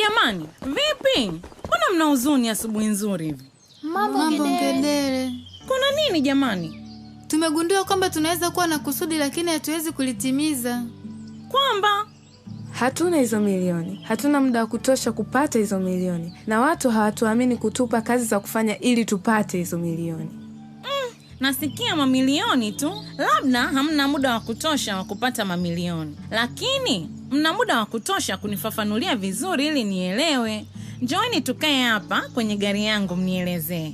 Jamani, vipi? Mbona mna huzuni asubuhi nzuri hivi? Mambo ngedere. Kuna nini jamani? Tumegundua kwamba tunaweza kuwa na kusudi lakini hatuwezi kulitimiza. Kwamba hatuna hizo milioni, hatuna muda wa kutosha kupata hizo milioni, na watu hawatuamini kutupa kazi za kufanya ili tupate hizo milioni nasikia mamilioni tu, labda hamna muda wa kutosha wa kupata mamilioni, lakini mna muda wa kutosha kunifafanulia vizuri ili nielewe. njoni tukae hapa kwenye gari yangu mnielezee.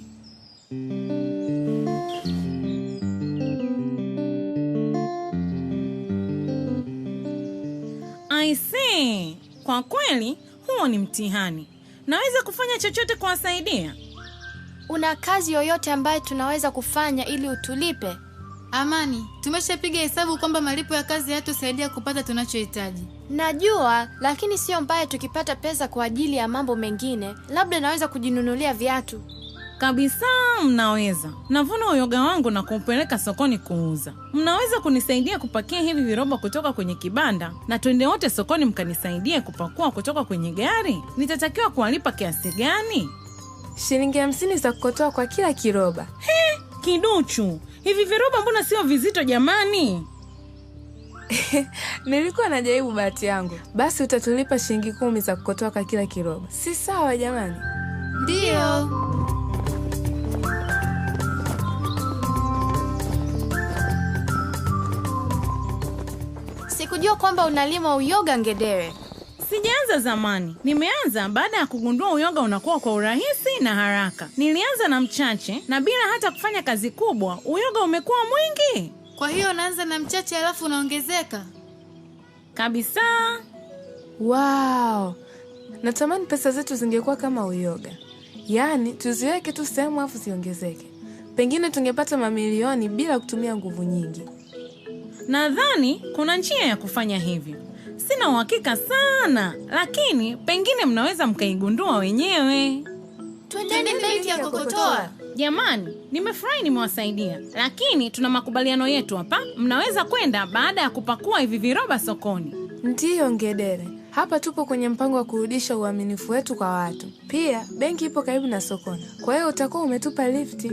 I Kwa kweli huo ni mtihani. Naweza kufanya chochote kuwasaidia? Una kazi yoyote ambayo tunaweza kufanya ili utulipe? Amani, tumeshapiga hesabu kwamba malipo ya kazi hayatusaidia kupata tunachohitaji. Najua, lakini sio mbaya tukipata pesa kwa ajili ya mambo mengine. Labda naweza kujinunulia viatu. Kabisa, mnaweza. Navuna uyoga wangu na kuupeleka sokoni kuuza. Mnaweza kunisaidia kupakia hivi viroba kutoka kwenye kibanda na twende wote sokoni mkanisaidie kupakua kutoka kwenye gari? Nitatakiwa kuwalipa kiasi gani? shilingi hamsini za kukotoa kwa kila kiroba. He, kiduchu, hivi viroba mbona sio vizito jamani? nilikuwa najaribu bahati yangu. Basi utatulipa shilingi kumi za kukotoa kwa kila kiroba, si sawa jamani? Ndiyo. Sikujua kwamba unalima uyoga Ngedere. Sijaanza zamani, nimeanza baada ya kugundua uyoga unakuwa kwa urahisi na haraka. Nilianza na mchache na bila hata kufanya kazi kubwa, uyoga umekuwa mwingi. Kwa hiyo naanza na mchache alafu unaongezeka kabisa. Wow, natamani pesa zetu zingekuwa kama uyoga, yaani tuziweke tu sehemu alafu ziongezeke. Pengine tungepata mamilioni bila kutumia nguvu nyingi. Nadhani kuna njia ya kufanya hivyo sina uhakika sana, lakini pengine mnaweza mkaigundua wenyewe. Twendeni benki ya Kokotoa. Jamani, nimefurahi nimewasaidia, lakini tuna makubaliano yetu hapa. Mnaweza kwenda baada ya kupakua hivi viroba sokoni. Ndiyo Ngedere, hapa tupo kwenye mpango wa kurudisha uaminifu wetu kwa watu. Pia benki ipo karibu na sokoni, kwa hiyo utakuwa umetupa lifti.